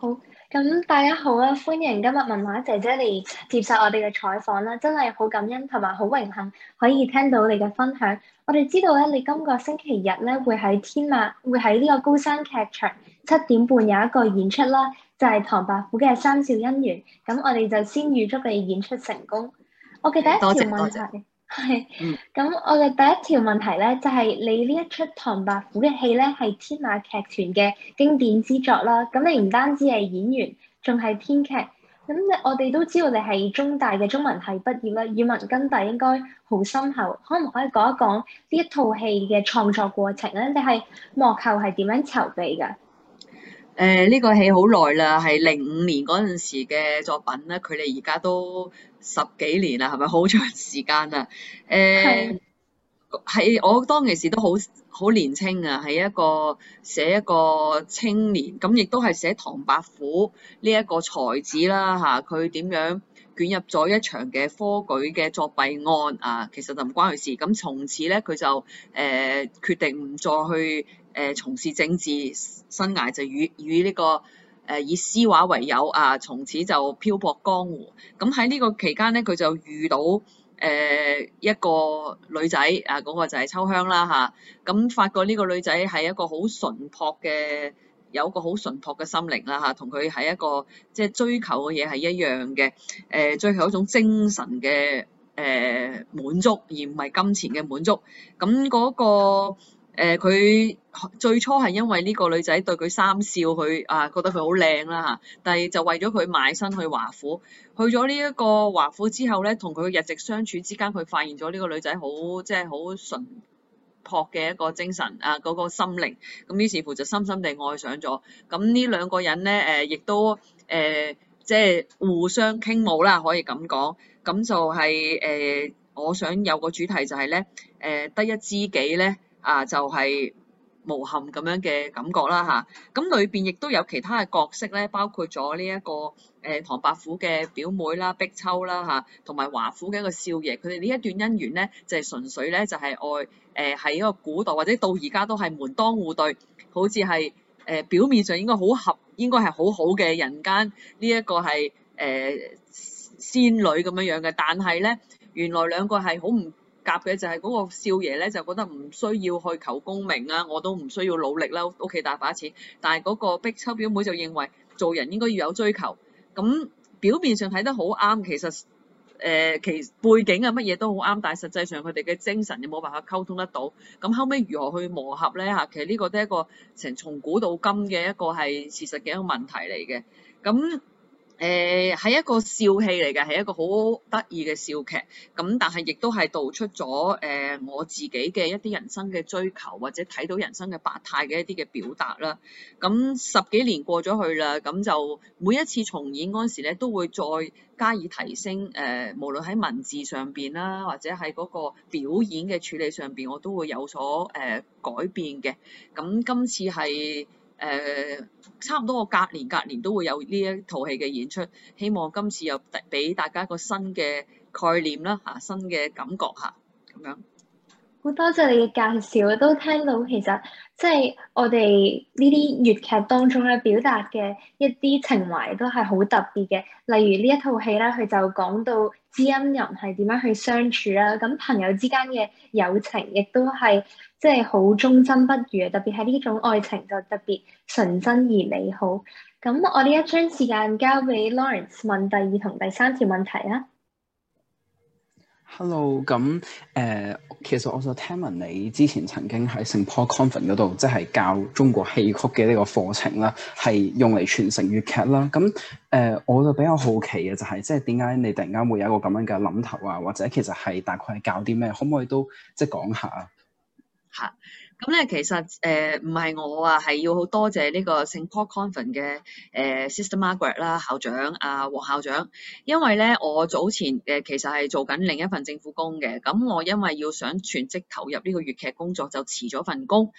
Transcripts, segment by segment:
好，咁大家好啊！歡迎今日文華姐姐嚟接受我哋嘅採訪啦，啊，真係好感恩同埋好榮幸可以聽到你嘅分享。我哋知道咧，啊，你今個星期日咧會喺天馬，會喺呢個高山劇場七點半有一個演出啦，就係、是、唐伯虎嘅《三笑姻緣》。咁我哋就先預祝你演出成功。我嘅第一條問題。係，咁我哋第一條問題咧，就係、是、你呢一出唐呢《唐伯虎》嘅戲咧，係天馬劇團嘅經典之作啦。咁你唔單止係演員，仲係編劇。咁我哋都知道你係中大嘅中文系畢業啦，語文根底應該好深厚。可唔可以講一講呢一套戲嘅創作過程咧？你係幕後係點樣籌備噶？誒呢、呃呢個戲好耐啦，係零五年嗰陣時嘅作品啦。佢哋而家都十幾年啦，係咪好長時間啊？誒、呃，係的我當其時都好好年青啊，係一個寫一個青年咁，亦、嗯、都係寫唐伯虎呢一個才子啦嚇，佢、啊、點樣捲入咗一場嘅科舉嘅作弊案啊？其實就唔關佢事，咁、嗯、從此咧佢就誒、呃、決定唔再去。誒從事政治生涯就與與呢個誒、呃、以詩畫為友啊，從此就漂泊江湖。咁喺呢個期間咧，佢就遇到誒、呃、一個女仔啊，嗰、那個就係秋香啦嚇。咁、啊、發覺呢個女仔係一個好純樸嘅，有個好純樸嘅心靈啦嚇，同佢係一個即係、啊就是、追求嘅嘢係一樣嘅。誒、呃、追求一種精神嘅誒滿足，而唔係金錢嘅滿足。咁嗰、那個佢。呃最初係因為呢個女仔對佢三笑，佢啊覺得佢好靚啦嚇，但係就為咗佢賣身去華府。去咗呢一個華府之後咧，同佢日夕相處之間，佢發現咗呢個女仔好即係好純樸嘅一個精神啊，嗰、這個心靈。咁於是乎就深深地愛上咗。咁呢兩個人咧，誒、呃、亦都誒、呃、即係互相傾慕啦，可以咁講。咁就係、是、誒、呃，我想有個主題就係、是、咧，誒、呃、得一知己咧啊，就係、是。無憾咁樣嘅感覺啦吓，咁裏邊亦都有其他嘅角色咧，包括咗呢一個誒、呃、唐伯虎嘅表妹啦、碧秋啦吓，同、啊、埋華府嘅一個少爺，佢哋呢一段姻緣咧就係、是、純粹咧就係、是、愛誒喺、呃、一個古代或者到而家都係門當戶對，好似係誒表面上應該好合應該係好好嘅人間呢一、這個係誒、呃、仙女咁樣樣嘅，但係咧原來兩個係好唔～夾嘅就係嗰個少爺咧，就覺得唔需要去求功名啊，我都唔需要努力啦，屋企大把錢。但係嗰個碧秋表妹就認為做人應該要有追求。咁表面上睇得好啱，其實誒、呃、其背景啊乜嘢都好啱，但係實際上佢哋嘅精神又冇辦法溝通得到。咁後尾如何去磨合咧？嚇，其實呢個都係一個成從古到今嘅一個係事實嘅一個問題嚟嘅。咁。誒係、呃、一個笑戲嚟嘅，係一個好得意嘅笑劇。咁、嗯、但係亦都係道出咗誒、呃、我自己嘅一啲人生嘅追求，或者睇到人生嘅百態嘅一啲嘅表達啦。咁、嗯、十幾年過咗去啦，咁、嗯、就每一次重演嗰陣時咧，都會再加以提升。誒、呃，無論喺文字上邊啦，或者係嗰個表演嘅處理上邊，我都會有所誒、呃、改變嘅。咁、嗯、今次係。誒，uh, 差唔多我隔年、隔年都會有呢一套戲嘅演出，希望今次又俾大家一個新嘅概念啦，嚇新嘅感覺嚇，咁樣。好多謝你嘅介紹，都聽到其實。即係我哋呢啲粵劇當中咧表達嘅一啲情懷都係好特別嘅，例如呢一套戲咧，佢就講到知音人係點樣去相處啦，咁、嗯、朋友之間嘅友情亦都係即係好忠貞不渝啊，特別係呢種愛情就特別純真而美好。咁、嗯、我呢一張時間交俾 Lawrence 問第二同第三條問題啦。Hello，咁誒、呃，其實我就聽聞你之前曾經喺 St. Paul's Convent 嗰度，即係教中國戲曲嘅呢個課程啦，係用嚟傳承粵劇啦。咁誒、呃，我就比較好奇嘅就係、是，即係點解你突然間會有一個咁樣嘅諗頭啊？或者其實係大概係教啲咩？可唔可以都即係講下啊？咁咧其實誒，唔係我啊，係要好多謝呢個 St. Paul's Convent 嘅誒 Sister Margaret 啦，校長啊，黃校長。因為咧我早前誒、呃、其實係做緊另一份政府工嘅，咁我因為要想全職投入呢個粵劇工作，就辭咗份工。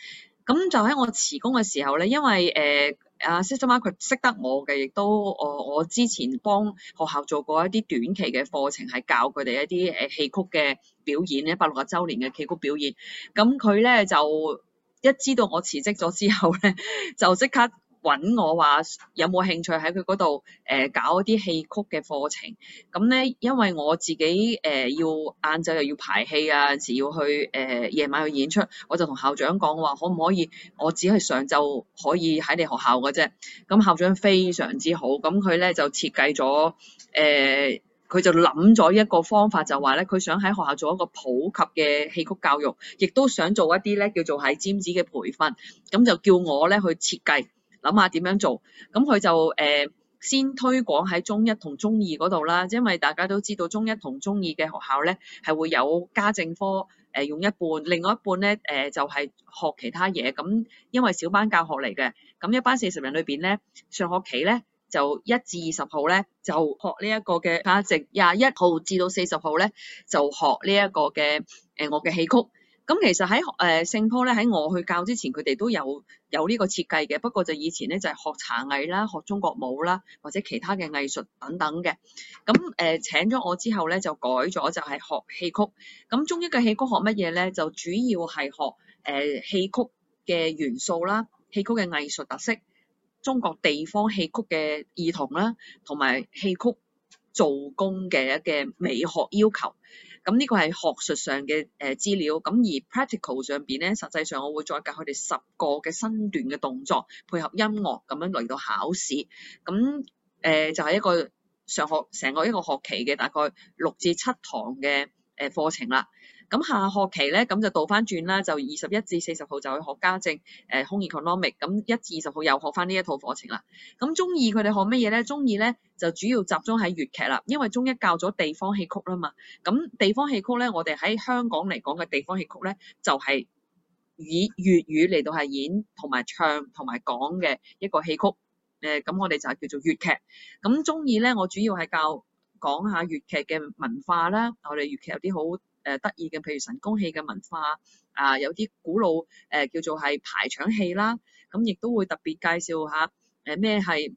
咁就喺我辭工嘅時候咧，因為誒，呃啊，Sister Margaret 啊，佢、uh, 識得我嘅，亦都我我之前幫學校做過一啲短期嘅課程，係教佢哋一啲誒戲曲嘅表演，一百六十週年嘅戲曲表演。咁佢咧就一知道我辭職咗之後咧， 就即刻。揾我話有冇興趣喺佢嗰度誒搞一啲戲曲嘅課程咁咧，因為我自己誒要晏晝又要排戲啊，有時要去誒、呃、夜晚去演出，我就同校長講話，可唔可以我只係上晝可以喺你學校嘅啫？咁校長非常之好，咁佢咧就設計咗誒，佢、呃、就諗咗一個方法，就話咧佢想喺學校做一個普及嘅戲曲教育，亦都想做一啲咧叫做喺尖子嘅培訓，咁就叫我咧去設計。諗下點樣做，咁佢就誒、呃、先推廣喺中一同中二嗰度啦，因為大家都知道中一同中二嘅學校咧係會有家政科，誒、呃、用一半，另外一半咧誒、呃、就係、是、學其他嘢，咁因為小班教學嚟嘅，咁一班四十人裏邊咧，上學期咧就一至二十號咧就學呢一個嘅家政，廿一號至到四十號咧就學呢一個嘅誒、呃、我嘅戲曲。咁、嗯、其實喺誒、呃、聖保咧，喺我去教之前，佢哋都有有呢個設計嘅。不過就以前咧就係、是、學茶藝啦、學中國舞啦，或者其他嘅藝術等等嘅。咁、嗯、誒、呃、請咗我之後咧，就改咗就係學戲曲。咁、嗯、中一嘅戲曲學乜嘢咧？就主要係學誒、呃、戲曲嘅元素啦、戲曲嘅藝術特色、中國地方戲曲嘅異同啦，同埋戲曲做功嘅一個美學要求。咁呢個係學術上嘅誒資料。咁而 practical 上邊咧，實際上我會再教佢哋十個嘅身段嘅動作，配合音樂咁樣嚟到考試。咁誒、呃、就係、是、一個上學成個一個學期嘅大概六至七堂嘅誒課程啦。咁下學期咧，咁就倒翻轉啦，就二十一至四十號就去學家政，誒、uh, Home Economic。咁一至二十號又學翻呢一套課程啦。咁中二佢哋學乜嘢咧？中二咧就主要集中喺粵劇啦，因為中一教咗地方戲曲啦嘛。咁地方戲曲咧，我哋喺香港嚟講嘅地方戲曲咧，就係以粵語嚟到係演同埋唱同埋講嘅一個戲曲。誒咁我哋就係叫做粵劇。咁中二咧，我主要係教講下粵劇嘅文化啦。我哋粵劇有啲好，誒得意嘅，譬你如神功戲嘅文化啊，有啲古老誒叫做係排場戲啦，咁亦都會特別介紹下誒咩係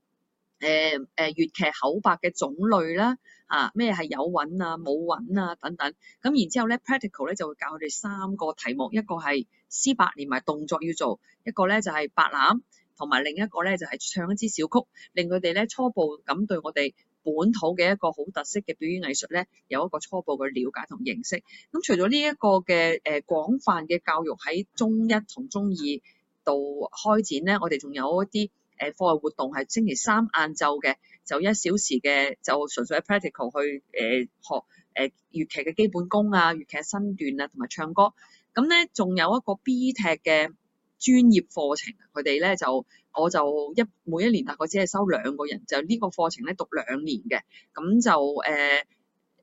誒誒粵劇口白嘅種類啦，嚇咩係有韻啊、冇韻啊等等，咁然之後咧 practical 咧就會教佢哋三個題目，一個係詩白連埋動作要做，一個咧就係白籃，同埋另一個咧就係唱一支小曲，令佢哋咧初步咁對我哋本土嘅一個好特色嘅表演藝術咧，有一個初步嘅了解同認識。咁除咗呢一個嘅誒廣泛嘅教育喺中一同中二度開展咧，我哋仲有一啲誒課外活動係星期三晏晝嘅，就一小時嘅就純粹喺 practical 去誒學誒粵劇嘅基本功啊、粵劇身段啊同埋唱歌。咁咧仲有一個 B 劇嘅。專業課程，佢哋咧就我就一每一年，大概只係收兩個人，就呢個課程咧讀兩年嘅，咁就誒、呃、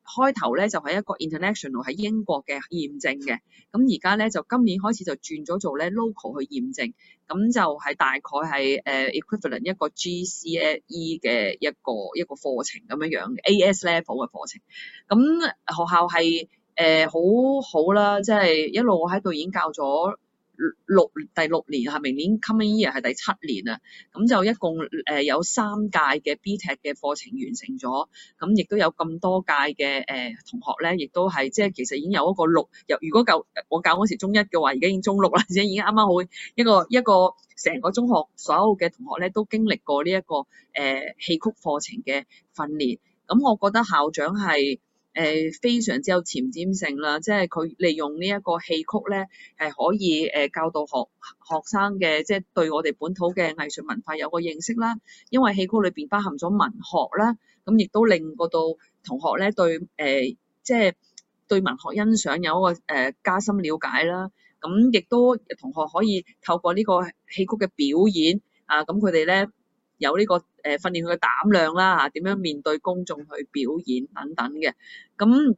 開頭咧就係、是、一個 international 喺英國嘅驗證嘅，咁而家咧就今年開始就轉咗做咧 local 去驗證，咁就係大概係誒 equivalent 一個 GCE 嘅一個一個課程咁樣樣，AS level 嘅課程，咁學校係誒、呃、好好啦，即、就、係、是、一路我喺度已經教咗。六第六年啊，明年 coming year 係第七年啊，咁就一共誒有三屆嘅 B-tech 嘅課程完成咗，咁亦都有咁多屆嘅誒、呃、同學咧，亦都係即係其實已經有一個六，由如果教我教嗰時中一嘅話，而家已經中六啦，即係已經啱啱好一個一個成個,個中學所有嘅同學咧，都經歷過呢、這、一個誒、呃、戲曲課程嘅訓練，咁我覺得校長係。誒非常之有前瞻性啦，即係佢利用呢一個戲曲咧，係可以誒教導學學生嘅，即係對我哋本土嘅藝術文化有個認識啦。因為戲曲裏邊包含咗文學啦，咁亦都令到同學咧對誒，即係對文學欣賞有一個誒加深了解啦。咁亦都同學可以透過呢個戲曲嘅表演啊，咁佢哋咧。有呢個誒訓練佢嘅膽量啦，嚇點樣面對公眾去表演等等嘅，咁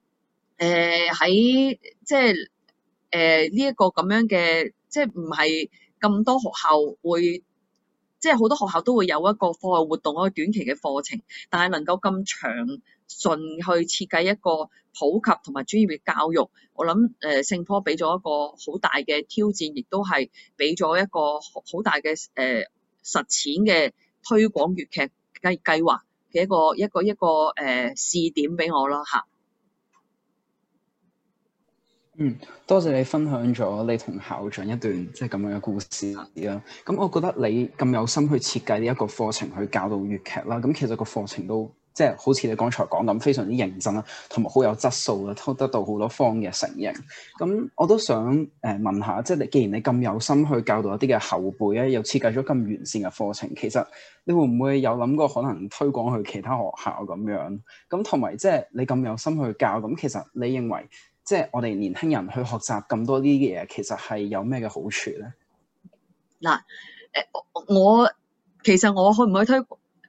誒喺即係誒呢一個咁樣嘅，即係唔係咁多學校會即係好多學校都會有一個課外活動一個短期嘅課程，但係能夠咁詳盡去設計一個普及同埋專業嘅教育，我諗誒聖科俾咗一個好大嘅挑戰，亦都係俾咗一個好大嘅誒、呃、實踐嘅。推廣粵劇計計劃嘅一個一個一個誒試點俾我咯吓。嗯，多謝你分享咗你同校長一段即係咁樣嘅故事啦。咁、嗯、我覺得你咁有心去設計呢一個課程去教導粵劇啦。咁其實個課程都～即係好似你剛才講咁，非常之認真啦，同埋好有質素啦，都得到好多方嘅承認。咁我都想誒、呃、問下，即係你既然你咁有心去教導一啲嘅後輩咧，又設計咗咁完善嘅課程，其實你會唔會有諗過可能推廣去其他學校咁樣？咁同埋即係你咁有心去教，咁其實你認為即係我哋年輕人去學習咁多啲嘢，其實係有咩嘅好處咧？嗱、呃，誒我，我其實我可唔可以推？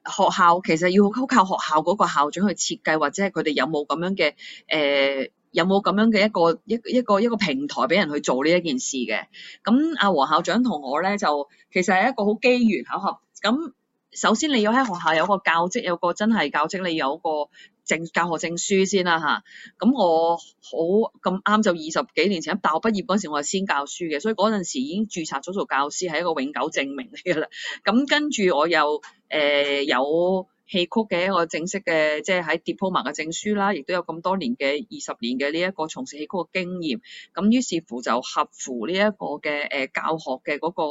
學校其實要都靠學校嗰個校長去設計，或者係佢哋有冇咁樣嘅，誒、呃，有冇咁樣嘅一個一一個一個平台俾人去做呢一件事嘅。咁阿黃校長同我咧就，其實係一個好機緣巧合。咁首先你要喺學校有個教職，有個真係教職，你有一個。證教學證書先啦嚇，咁我好咁啱就二十幾年前，大學畢業嗰時我係先教書嘅，所以嗰陣時已經註冊咗做教師係一個永久證明嚟噶啦。咁跟住我又誒、呃、有戲曲嘅一個正式嘅，即係喺 diploma 嘅證書啦，亦都有咁多年嘅二十年嘅呢一個從事戲曲嘅經驗。咁於是乎就合乎呢一個嘅誒、呃、教學嘅嗰、嗰個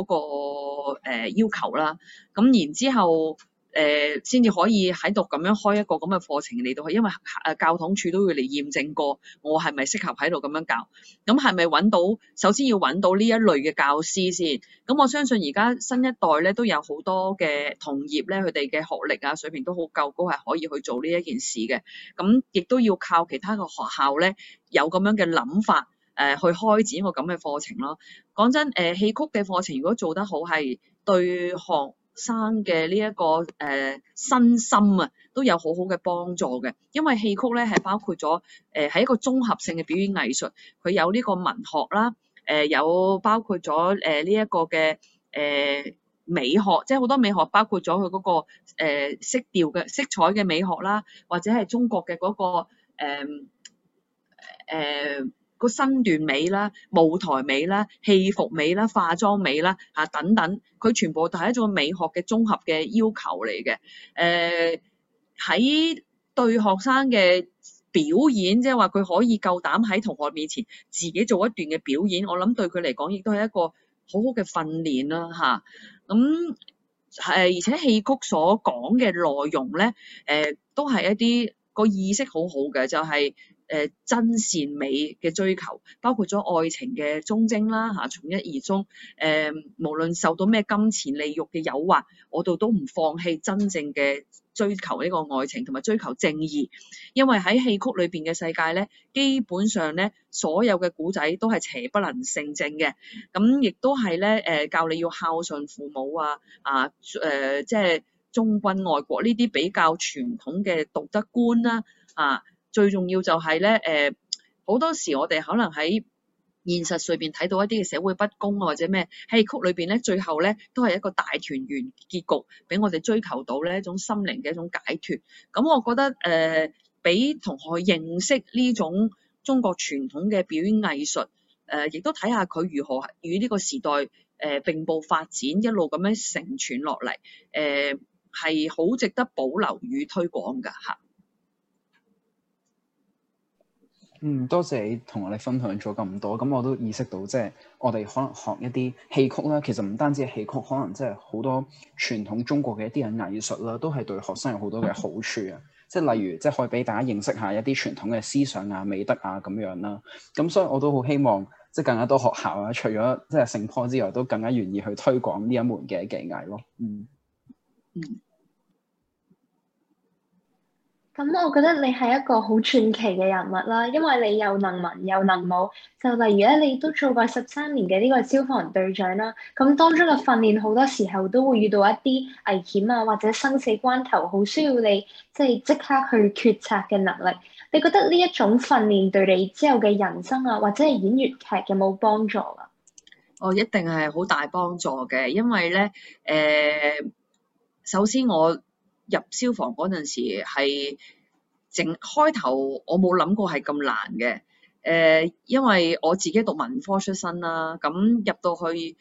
嗰、嗰個呃、要求啦。咁然之後。誒，先至、呃、可以喺度咁樣開一個咁嘅課程嚟到，因為誒教統處都會嚟驗證過，我係咪適合喺度咁樣教？咁係咪揾到？首先要揾到呢一類嘅教師先。咁我相信而家新一代咧都有好多嘅同業咧，佢哋嘅學歷啊水平都好夠高，係可以去做呢一件事嘅。咁亦都要靠其他嘅學校咧有咁樣嘅諗法，誒、呃、去開展個咁嘅課程咯。講真，誒、呃、戲曲嘅課程如果做得好，係對學生嘅呢一個誒身心啊，都有好好嘅幫助嘅，因為戲曲咧係包括咗誒係一個綜合性嘅表演藝術，佢有呢個文學啦，誒、呃、有包括咗誒呢一個嘅誒、呃、美學，即係好多美學包括咗佢嗰個、呃、色調嘅色彩嘅美學啦，或者係中國嘅嗰、那個誒、呃呃身段美啦、舞台美啦、戲服美啦、化妝美啦嚇、啊、等等，佢全部都係一種美學嘅綜合嘅要求嚟嘅。誒、呃、喺對學生嘅表演，即係話佢可以夠膽喺同學面前自己做一段嘅表演，我諗對佢嚟講亦都係一個好好嘅訓練啦嚇。咁、啊、誒、嗯、而且戲曲所講嘅內容咧，誒、呃、都係一啲個意識好好嘅，就係、是。誒、真善美嘅追求，包括咗愛情嘅忠貞啦嚇，從一而終。誒、無論受到咩金錢利欲嘅誘惑，我哋都唔放棄真正嘅追求呢個愛情同埋追求正義。因為喺戲曲裏邊嘅世界咧，基本上咧所有嘅古仔都係邪不能勝正嘅。咁亦都係咧、誒、教你要孝順父母啊、啊、誒、即係忠君愛國呢啲比較傳統嘅道德觀啦啊。最重要就係、是、咧，誒、呃、好多時我哋可能喺現實上邊睇到一啲嘅社會不公或者咩，喺戲曲裏邊咧，最後咧都係一個大團圓結局，俾我哋追求到呢一種心靈嘅一種解脱。咁、嗯、我覺得誒，俾、呃、同學認識呢種中國傳統嘅表演藝術，誒、呃、亦都睇下佢如何與呢個時代誒、呃、並步發展，一路咁樣成傳落嚟，誒係好值得保留與推廣㗎嚇。嗯，多謝你同我哋分享咗咁多，咁我都意識到，即係我哋可能學一啲戲曲啦。其實唔單止係戲曲，可能即係好多傳統中國嘅一啲人藝術啦，都係對學生有好多嘅好處啊！嗯、即係例如，即係可以俾大家認識下一啲傳統嘅思想啊、美德啊咁樣啦、啊。咁所以我都好希望，即係更加多學校啊，除咗即係聖保之外，都更加願意去推廣呢一門嘅技藝咯。嗯，嗯。咁、嗯、我覺得你係一個好傳奇嘅人物啦，因為你又能文又能武。就例如咧，你都做過十三年嘅呢個消防隊長啦。咁、嗯、當中嘅訓練好多時候都會遇到一啲危險啊，或者生死關頭，好需要你即係即刻去決策嘅能力。你覺得呢一種訓練對你之後嘅人生啊，或者係演粵劇有冇幫助啊？我、哦、一定係好大幫助嘅，因為咧，誒、呃，首先我。入消防嗰陣時係整開頭我，我冇諗過係咁難嘅。誒，因為我自己讀文科出身啦，咁入到去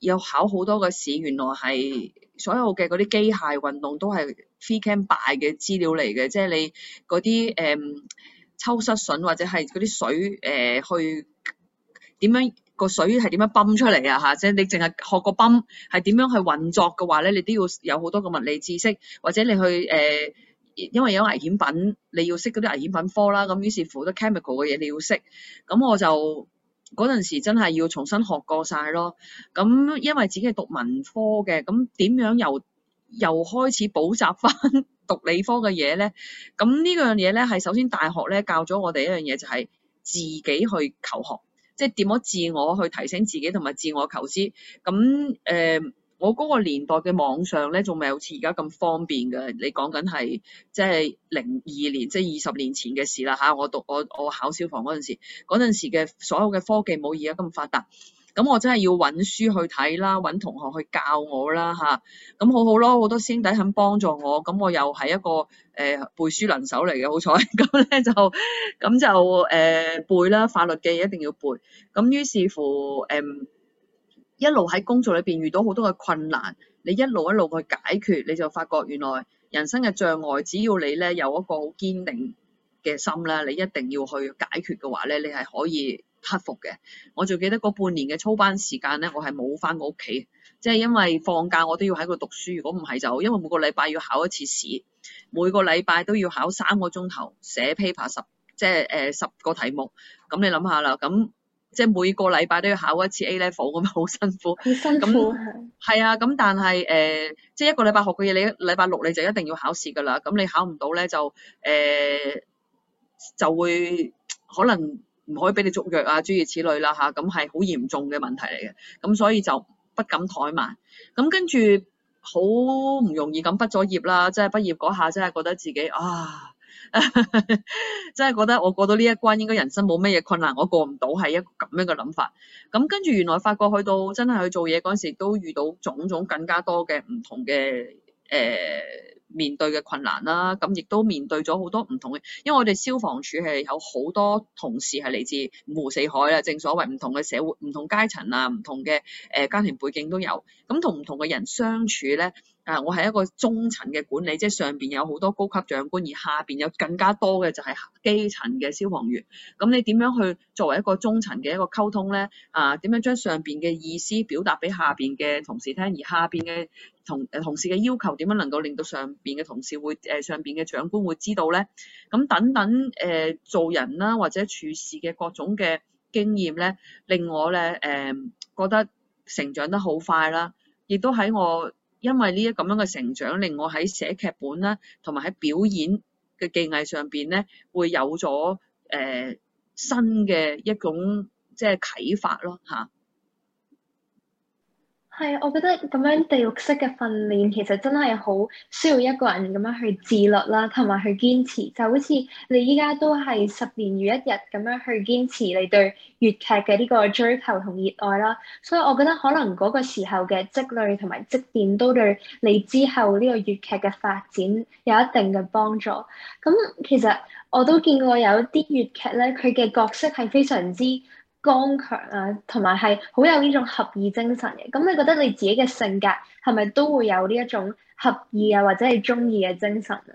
有考好多個試，原來係所有嘅嗰啲機械運動都係 f e cam buy 嘅資料嚟嘅，即係你嗰啲誒抽濕筍或者係嗰啲水誒、呃、去點樣？個水係點樣泵出嚟啊？嚇！即係你淨係學個泵係點樣去運作嘅話咧，你都要有好多個物理知識，或者你去誒、呃，因為有危險品，你要識嗰啲危險品科啦。咁於是乎好多 chemical 嘅嘢你要識。咁我就嗰陣時真係要重新學過晒咯。咁因為自己係讀文科嘅，咁點樣又又開始補習翻讀理科嘅嘢咧？咁呢樣嘢咧係首先大學咧教咗我哋一樣嘢，就係、是、自己去求學。即係點樣自我去提醒自己同埋自我求知，咁誒、呃，我嗰個年代嘅網上咧，仲未有似而家咁方便嘅。你講緊係即係零二年，即係二十年前嘅事啦吓，我讀我我考消防嗰陣時，嗰陣時嘅所有嘅科技冇而家咁發達。咁我真係要揾書去睇啦，揾同學去教我啦吓，咁、啊、好好咯，好多師兄弟肯幫助我。咁我又係一個誒、呃、背書能手嚟嘅，好彩。咁 咧就咁就誒、呃、背啦，法律嘅一定要背。咁於是乎誒、嗯、一路喺工作裏邊遇到好多嘅困難，你一路一路去解決，你就發覺原來人生嘅障礙，只要你咧有一個好堅定嘅心啦，你一定要去解決嘅話咧，你係可以。克服嘅，我就記得嗰半年嘅操班時間咧，我係冇返過屋企，即係因為放假我都要喺度讀書。如果唔係就因為每個禮拜要考一次試，每個禮拜都要考三個鐘頭寫 paper 十，即係誒、呃、十個題目。咁你諗下啦，咁即係每個禮拜都要考一次 A level，咁咪好辛苦。好辛苦係啊，咁但係誒、呃，即係一個禮拜學嘅嘢，你一禮拜六你就一定要考試㗎啦。咁你考唔到咧，就誒、呃、就會可能。唔可以俾你續約啊！諸如此類啦、啊、吓，咁係好嚴重嘅問題嚟嘅。咁所以就不敢怠慢。咁跟住好唔容易咁畢咗業啦，即係畢業嗰下、就是、真係覺得自己啊， 真係覺得我過到呢一關應該人生冇咩嘢困難，我過唔到係一個咁樣嘅諗法。咁跟住原來發覺去到真係去做嘢嗰陣時，都遇到種種更加多嘅唔同嘅誒。呃面對嘅困難啦，咁亦都面對咗好多唔同嘅，因為我哋消防署係有好多同事係嚟自五湖四海啦，正所謂唔同嘅社會、唔同階層啊、唔同嘅誒家庭背景都有，咁同唔同嘅人相處咧。啊！我係一個中層嘅管理，即係上邊有好多高級長官，而下邊有更加多嘅就係基層嘅消防員。咁你點樣去作為一個中層嘅一個溝通咧？啊，點樣將上邊嘅意思表達俾下邊嘅同事聽，而下邊嘅同同事嘅要求點樣能夠令到上邊嘅同事會誒上邊嘅長官會知道咧？咁等等誒，做人啦或者處事嘅各種嘅經驗咧，令我咧誒覺得成長得好快啦，亦都喺我。因為呢一咁樣嘅成長，令我喺寫劇本啦，同埋喺表演嘅技藝上邊咧，會有咗誒、呃、新嘅一種即係啟發咯嚇。係啊，我覺得咁樣地獄式嘅訓練其實真係好需要一個人咁樣去自律啦，同埋去堅持。就好似你依家都係十年如一日咁樣去堅持你對粵劇嘅呢個追求同熱愛啦。所以我覺得可能嗰個時候嘅積累同埋積澱都對你之後呢個粵劇嘅發展有一定嘅幫助。咁其實我都見過有啲粵劇咧，佢嘅角色係非常之～剛強啊，同埋係好有呢種合意精神嘅。咁你覺得你自己嘅性格係咪都會有呢一種合意啊，或者係中意嘅精神啊？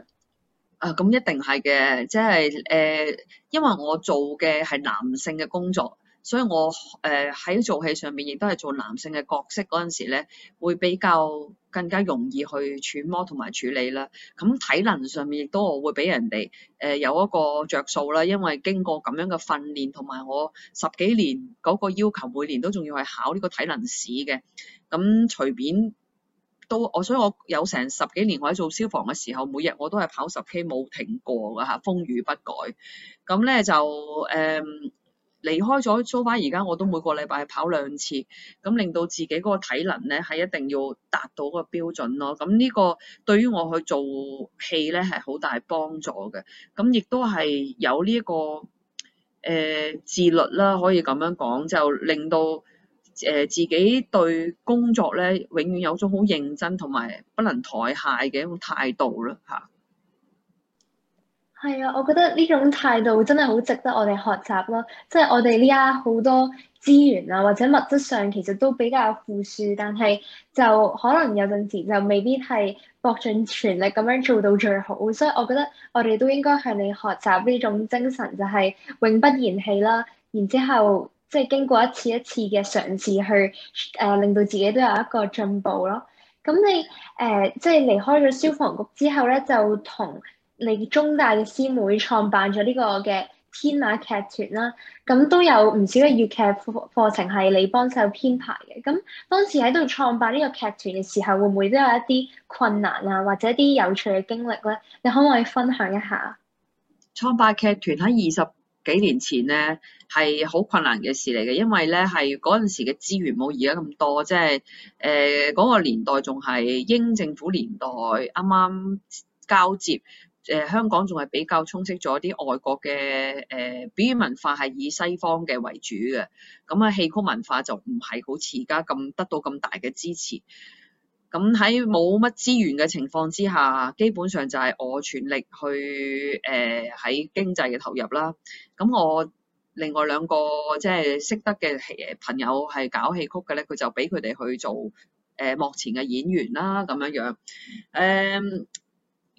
啊，咁、嗯、一定係嘅，即係誒，因為我做嘅係男性嘅工作。所以我誒喺做戲上面亦都係做男性嘅角色嗰陣時咧，會比較更加容易去揣摩同埋處理啦。咁體能上面亦都我會俾人哋誒有一個着數啦，因為經過咁樣嘅訓練同埋我十幾年嗰個要求，每年都仲要係考呢個體能試嘅。咁隨便都我，所以我有成十幾年我喺做消防嘅時候，每日我都係跑十 K 冇停過㗎嚇，風雨不改。咁咧就誒。嗯離開咗蘇花，而家我都每個禮拜跑兩次，咁令到自己嗰個體能咧係一定要達到嗰個標準咯。咁呢個對於我去做戲咧係好大幫助嘅，咁亦都係有呢、這、一個誒自、呃、律啦，可以咁樣講，就令到誒自己對工作咧永遠有種好認真同埋不能怠懈嘅一種態度啦，嚇。係啊，我覺得呢種態度真係好值得我哋學習咯。即係我哋呢家好多資源啊，或者物質上其實都比較富庶，但係就可能有陣時就未必係搏盡全力咁樣做到最好。所以我覺得我哋都應該向你學習呢種精神，就係永不言棄啦。然之後即係經過一次一次嘅嘗試去誒、呃，令到自己都有一個進步咯。咁你誒，即係離開咗消防局之後咧，就同。你中大嘅師妹創辦咗呢個嘅天馬劇團啦，咁都有唔少嘅粵劇課程係你幫手編排嘅。咁當時喺度創辦呢個劇團嘅時候，會唔會都有一啲困難啊，或者一啲有趣嘅經歷咧？你可唔可以分享一下？創辦劇團喺二十幾年前咧，係好困難嘅事嚟嘅，因為咧係嗰陣時嘅資源冇而家咁多，即係誒嗰個年代仲係英政府年代啱啱交接。誒香港仲係比較充斥咗啲外國嘅誒表演文化，係以西方嘅為主嘅。咁啊，戲曲文化就唔係好似而家咁得到咁大嘅支持。咁喺冇乜資源嘅情況之下，基本上就係我全力去誒喺、呃、經濟嘅投入啦。咁我另外兩個即係識得嘅誒朋友係搞戲曲嘅咧，佢就俾佢哋去做誒幕、呃、前嘅演員啦，咁樣樣誒。呃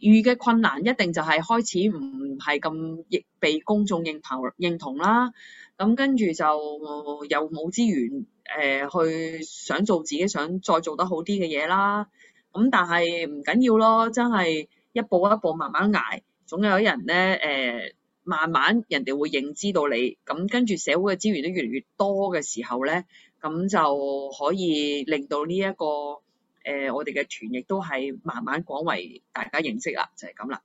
遇嘅困難一定就係開始唔係咁被公眾認同認同啦，咁跟住就又冇資源誒、呃、去想做自己想再做得好啲嘅嘢啦，咁但係唔緊要咯，真係一步一步慢慢捱，總有一人咧誒、呃、慢慢人哋會認知到你，咁跟住社會嘅資源都越嚟越多嘅時候咧，咁就可以令到呢、這、一個。誒、呃，我哋嘅團亦都係慢慢廣為大家認識啦，就係咁啦。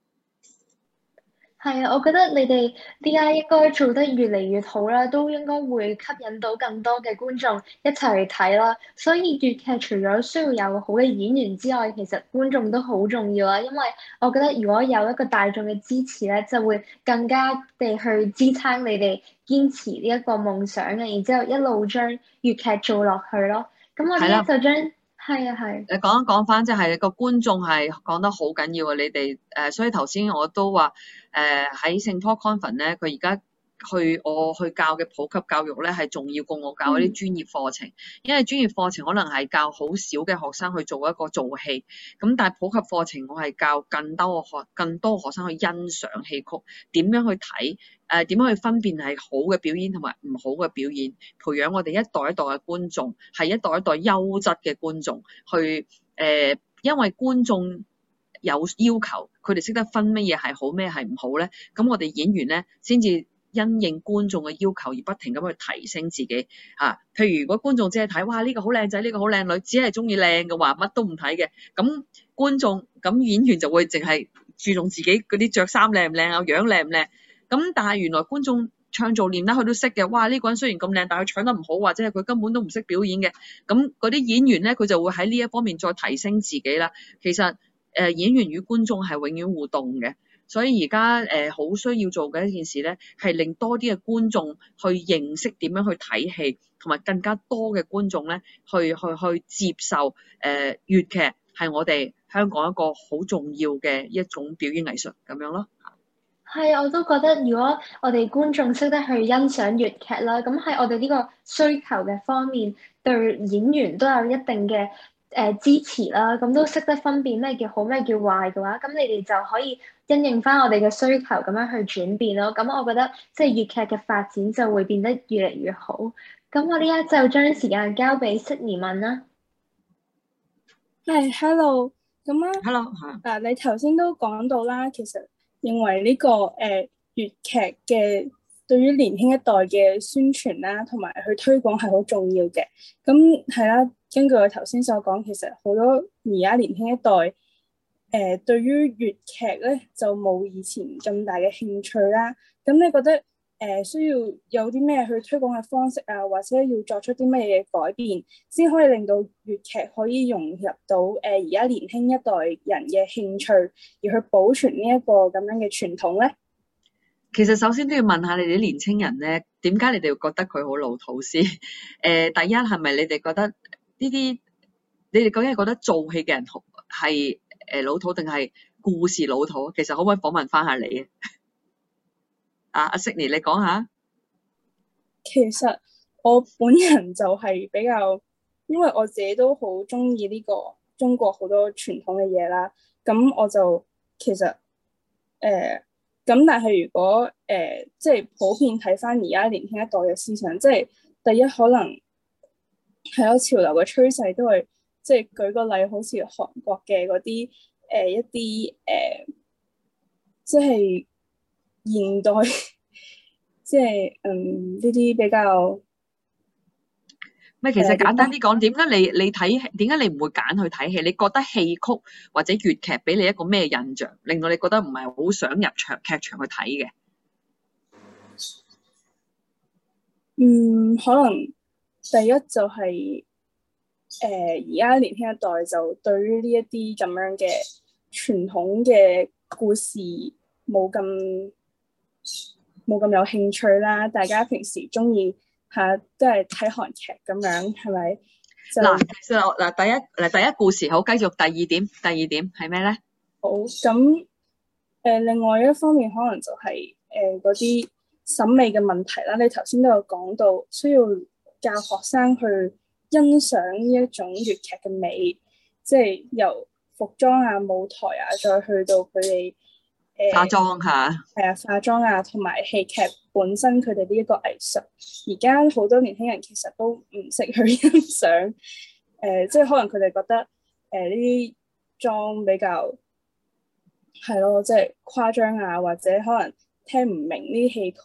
係啊，我覺得你哋依家應該做得越嚟越好啦，都應該會吸引到更多嘅觀眾一齊去睇啦。所以粵劇除咗需要有好嘅演員之外，其實觀眾都好重要啊。因為我覺得如果有一個大眾嘅支持咧，就會更加地去支撐你哋堅持呢一個夢想嘅，然之後一路將粵劇做落去咯。咁我哋咧、啊、就將。係啊係你講一講。翻即係你個觀眾，係講得好緊要啊！你哋誒、呃，所以頭先我都話誒，喺、呃、St. Paul's Convent 咧，佢而家。去我去教嘅普及教育咧，係重要過我教嗰啲專業課程，因為專業課程可能係教好少嘅學生去做一個做戲，咁但係普及課程我係教更多學更多學生去欣賞戲曲，點樣去睇誒，呃，點樣去分辨係好嘅表演同埋唔好嘅表演，培養我哋一代一代嘅觀眾係一代一代優質嘅觀眾去誒、呃，因為觀眾有要求，佢哋識得分乜嘢係好咩係唔好咧，咁我哋演員咧先至。因應觀眾嘅要求而不停咁去提升自己嚇、啊。譬如如果觀眾只係睇哇呢、這個好靚仔，呢、這個好靚女，只係中意靚嘅話，乜都唔睇嘅。咁觀眾咁演員就會淨係注重自己嗰啲着衫靚唔靚啊，樣靚唔靚。咁但係原來觀眾唱做念，咧，佢都識嘅。哇呢、這個人雖然咁靚，但係佢唱得唔好，或者係佢根本都唔識表演嘅。咁嗰啲演員咧，佢就會喺呢一方面再提升自己啦。其實誒、呃、演員與觀眾係永遠互動嘅。所以而家誒好需要做嘅一件事咧，係令多啲嘅觀眾去認識點樣去睇戲，同埋更加多嘅觀眾咧，去去去接受誒、呃、粵劇係我哋香港一個好重要嘅一種表演藝術，咁樣咯。係啊，我都覺得如果我哋觀眾識得去欣賞粵劇啦，咁喺我哋呢個需求嘅方面，對演員都有一定嘅。誒、呃、支持啦、啊，咁都識得分辨咩叫好，咩叫壞嘅話，咁你哋就可以因應翻我哋嘅需求咁樣去轉變咯。咁我覺得即係粵劇嘅發展就會變得越嚟越好。咁我呢一就將時間交俾 Sydney 問啦。係、hey，hello，咁啊，hello，嗱，你頭先都講到啦，其實認為呢、這個誒、呃、粵劇嘅。對於年輕一代嘅宣傳啦、啊，同埋去推廣係好重要嘅。咁係啦，根據我頭先所講，其實好多而家年輕一代，誒、呃、對於粵劇咧就冇以前咁大嘅興趣啦、啊。咁你覺得誒、呃、需要有啲咩去推廣嘅方式啊，或者要作出啲咩嘢改變，先可以令到粵劇可以融入到誒而家年輕一代人嘅興趣，而去保存這這呢一個咁樣嘅傳統咧？其實首先都要問下你哋啲年青人咧，點解你哋會覺得佢好老土先？誒，第一係咪你哋覺得呢啲？你哋究竟係覺得做戲嘅人係誒老土，定、uh, 係故事老土？其實可唔可以訪問翻下你啊？阿 Sydney，你講下。其實我本人就係比較，因為我自己都好中意呢個中國好多傳統嘅嘢啦。咁我就其實誒。呃咁但係如果誒，即係普遍睇翻而家年輕一代嘅思想，即係第一可能係有潮流嘅趨勢都，都係即係舉個例，好似韓國嘅嗰啲誒一啲誒，即係現代即係嗯呢啲比較。咪其實簡單啲講，點解你你睇，點解你唔會揀去睇戲？你覺得戲曲或者粵劇俾你一個咩印象，令到你覺得唔係好想入場劇場去睇嘅？嗯，可能第一就係誒，而家年輕一代就對於呢一啲咁樣嘅傳統嘅故事冇咁冇咁有興趣啦。大家平時中意。係，都係睇韓劇咁樣，係咪？嗱，嗱，第一嗱，第一故事好，繼續第二點，第二點係咩咧？好，咁誒、呃，另外一方面可能就係誒嗰啲審美嘅問題啦。你頭先都有講到，需要教學生去欣賞呢一種粵劇嘅美，即係由服裝啊、舞台啊，再去到佢哋誒化妝吓，係、嗯、啊，化妝啊，同埋戲劇。本身佢哋呢一個藝術，而家好多年輕人其實都唔識去欣賞，誒、呃，即係可能佢哋覺得誒呢啲妝比較係咯，即係、就是、誇張啊，或者可能聽唔明呢啲戲曲，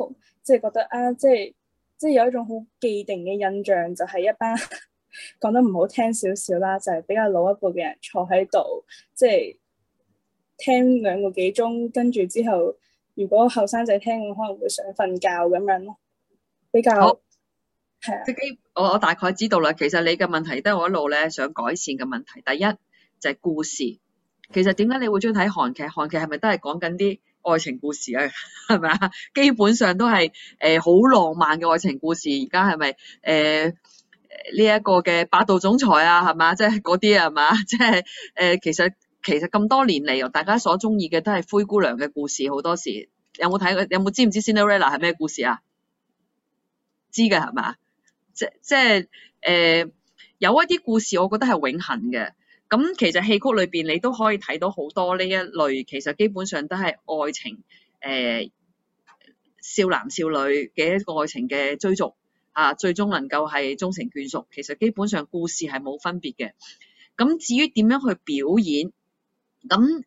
即係覺得啊，即係即係有一種好既定嘅印象，就係、是、一班講得唔好聽少少啦，就係、是、比較老一輩嘅人坐喺度，即係聽兩個幾鐘，跟住之後。如果後生仔聽，可能會想瞓覺咁樣咯，比較係啊。即基好是我我大概知道啦。其實你嘅問題都係我一路咧想改善嘅問題。第一就係、是、故事。其實點解你會鍾意睇韓劇？韓劇係咪都係講緊啲愛情故事啊？係咪啊？基本上都係誒好浪漫嘅愛情故事。而家係咪誒呢一個嘅霸道總裁啊？係嘛？即係嗰啲係嘛？即係誒其實。其實咁多年嚟，大家所中意嘅都係灰姑娘嘅故事。好多時有冇睇過？有冇知唔知 Cinderella 係咩故事啊？知嘅係嘛？即即誒有一啲故事，呃、故事我覺得係永恆嘅。咁其實戲曲裏邊你都可以睇到好多呢一類。其實基本上都係愛情誒、呃、少男少女嘅一個愛情嘅追逐啊，最終能夠係終成眷屬。其實基本上故事係冇分別嘅。咁至於點樣去表演？咁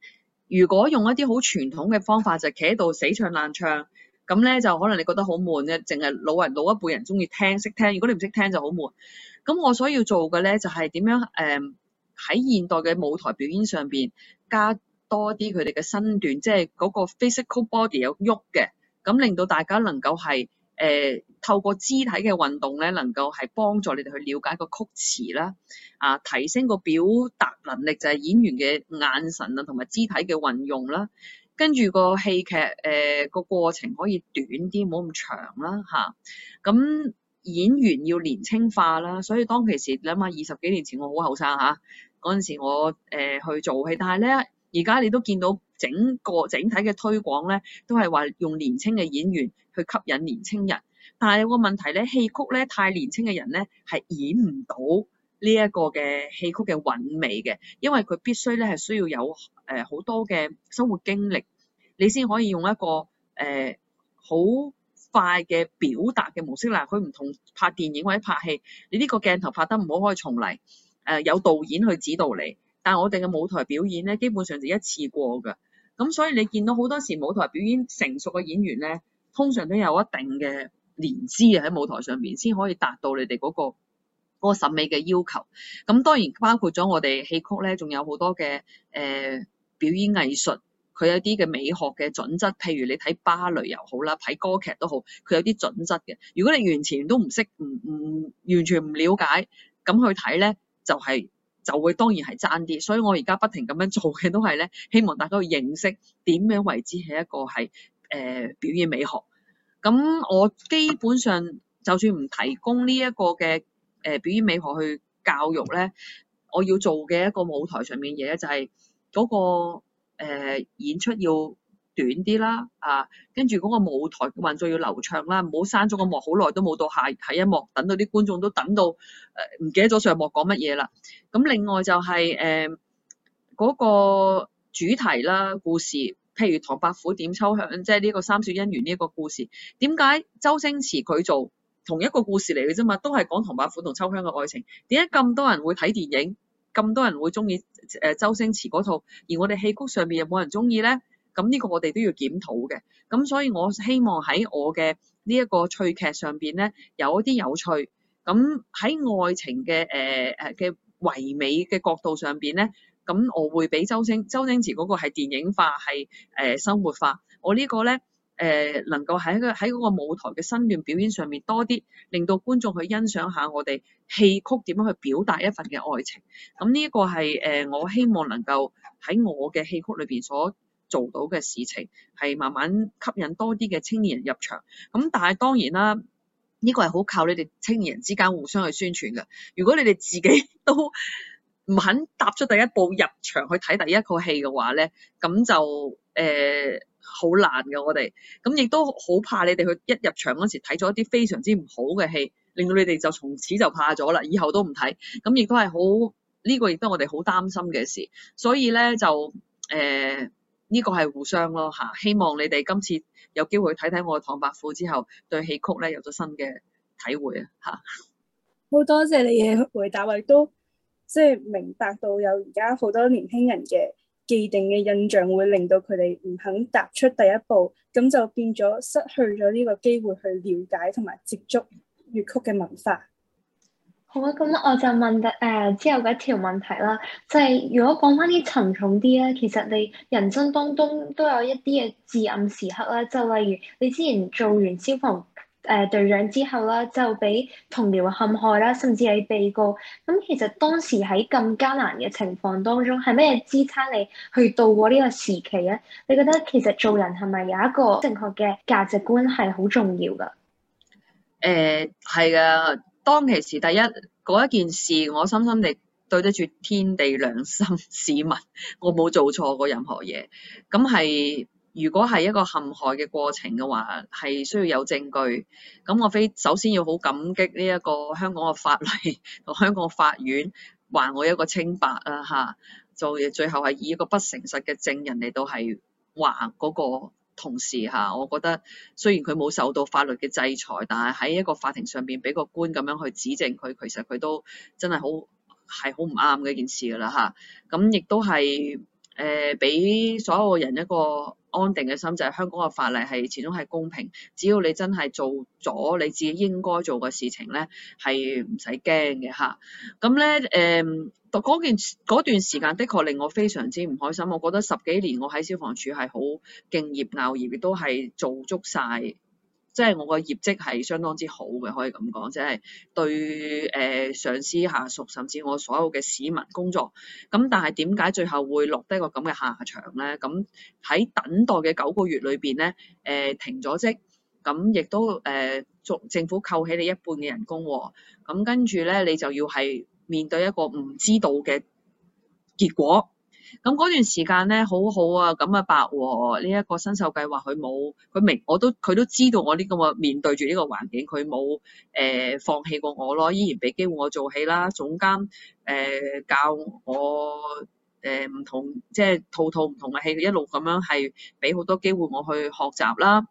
如果用一啲好傳統嘅方法，就企喺度死唱爛唱，咁咧就可能你覺得好悶咧，淨係老人老一輩人中意聽識聽，如果你唔識聽就好悶，咁我所要做嘅咧就係、是，點樣誒喺、呃、現代嘅舞台表演上邊加多啲佢哋嘅身段，即、就、係、是，個 physical body 有喐嘅，咁令到大家能夠係。誒透過肢體嘅運動咧，能夠係幫助你哋去了解個曲詞啦，啊提升個表達能力就係、是、演員嘅眼神啊同埋肢體嘅運用啦。跟住個戲劇誒個、呃、過程可以短啲，冇咁長啦嚇。咁、嗯、演員要年青化啦，所以當其時諗下二十幾年前我好後生嚇，嗰、啊、陣時我誒、呃、去做戲，但係咧而家你都見到整個整體嘅推廣咧，都係話用年青嘅演員，去吸引年青人，但係有個問題咧，戲曲咧太年青嘅人咧係演唔到呢一個嘅戲曲嘅韻味嘅，因為佢必須咧係需要有誒好多嘅生活經歷，你先可以用一個誒好、呃、快嘅表達嘅模式啦。佢唔同拍電影或者拍戲，你呢個鏡頭拍得唔好可以重嚟誒，有導演去指導你。但係我哋嘅舞台表演咧，基本上就一次過㗎。咁所以你見到好多時舞台表演成熟嘅演員咧，通常都有一定嘅年資啊，喺舞台上面先可以達到你哋嗰個嗰個審美嘅要求。咁當然包括咗我哋戲曲咧，仲有好多嘅誒、呃、表演藝術，佢有啲嘅美學嘅準則。譬如你睇芭蕾又好啦，睇歌劇都好，佢有啲準則嘅。如果你完全都唔識，唔唔完全唔了解，咁去睇咧，就係、係、就會當然係爭啲。所以我而家不停咁樣做嘅都係咧，希望大家去認識點樣為之係一個係。誒、呃、表演美學。咁我基本上就算唔提供呢一個嘅誒表演美學去教育咧，我要做嘅一個舞台上面嘅嘢咧、就是，就係嗰個、呃、演出要短啲啦，啊，跟住嗰個舞台運作要流暢啦，唔好閂咗個幕好耐都冇到下下一幕，等到啲觀眾都等到誒唔記得咗上幕講乜嘢啦。咁另外就係誒嗰個主題啦，故事。譬如唐伯虎點秋香，即係呢個三笑姻緣呢個故事，點解周星馳佢做同一個故事嚟嘅啫嘛，都係講唐伯虎同秋香嘅愛情，點解咁多人會睇電影，咁多人會中意誒周星馳嗰套，而我哋戲曲上面又冇人中意咧？咁呢個我哋都要檢討嘅。咁所以我希望喺我嘅呢一個趣劇上邊咧，有一啲有趣。咁喺愛情嘅誒誒嘅唯美嘅角度上邊咧。咁我會俾周星周星馳嗰個係電影化係誒、呃、生活化，我呢個呢，誒、呃、能夠喺個喺嗰個舞台嘅身段表演上面多啲，令到觀眾去欣賞下我哋戲曲點樣去表達一份嘅愛情。咁呢一個係誒、呃、我希望能夠喺我嘅戲曲裏邊所做到嘅事情，係慢慢吸引多啲嘅青年人入場。咁但係當然啦，呢、這個係好靠你哋青年人之間互相去宣傳嘅。如果你哋自己都，唔肯踏出第一步入場去睇第一個戲嘅話咧，咁就誒好、呃、難嘅我哋，咁亦都好怕你哋去一入場嗰時睇咗一啲非常之唔好嘅戲，令到你哋就從此就怕咗啦，以後都唔睇，咁亦都係好呢個亦都係我哋好擔心嘅事，所以咧就誒呢、呃，這個係互相咯吓，希望你哋今次有機會睇睇我嘅唐伯虎之後，對戲曲咧有咗新嘅體會啊吓。好多謝你嘅回答，亦都。即係明白到有而家好多年輕人嘅既定嘅印象，會令到佢哋唔肯踏出第一步，咁就變咗失去咗呢個機會去了解同埋接觸粵曲嘅文化。好啊，咁我就問嘅誒、呃、之後嘅一條問題啦，就係、是、如果講翻啲沉重啲啊，其實你人生當中都有一啲嘅至暗時刻啦，就例如你之前做完消防，誒、呃、隊長之後啦，就俾同僚陷害啦，甚至係被告。咁、嗯、其實當時喺咁艱難嘅情況當中，係咩嘢支撐你去度過呢個時期咧？你覺得其實做人係咪有一個正確嘅價值觀係好重要㗎？誒係呀。當其時第一嗰一件事，我深深地對得住天地良心市民，我冇做錯過任何嘢。咁係。如果係一個陷害嘅過程嘅話，係需要有證據。咁我非首先要好感激呢一個香港嘅法律同香港嘅法院，還我一個清白啊！嚇，就最後係以一個不誠實嘅證人嚟到係話嗰個同事嚇、啊，我覺得雖然佢冇受到法律嘅制裁，但係喺一個法庭上面俾個官咁樣去指證佢，其實佢都真係好係好唔啱嘅一件事㗎啦嚇。咁、啊、亦都係誒俾所有人一個安定嘅心，就係香港嘅法例係始終係公平，只要你真係做咗你自己應該做嘅事情咧，係唔使驚嘅嚇。咁咧誒，嗰、嗯、件嗰段時間的確令我非常之唔開心。我覺得十幾年我喺消防處係好敬業、熬業，亦都係做足晒。即係我個業績係相當之好嘅，可以咁講，即係對誒、呃、上司、下屬，甚至我所有嘅市民工作。咁但係點解最後會落得個咁嘅下場咧？咁喺等待嘅九個月裏邊咧，誒、呃、停咗職，咁亦都誒做、呃、政府扣起你一半嘅人工喎、哦。咁跟住咧，你就要係面對一個唔知道嘅結果。咁嗰段時間咧，好好啊！咁啊伯，呢一個新秀計劃佢冇，佢明我，都佢都知道我呢個面對住呢個環境，佢冇誒放棄過我咯，依然俾機會我做戲啦。總監誒、呃、教我誒唔、呃、同，即係套套唔同嘅戲，一路咁樣係俾好多機會我去學習啦。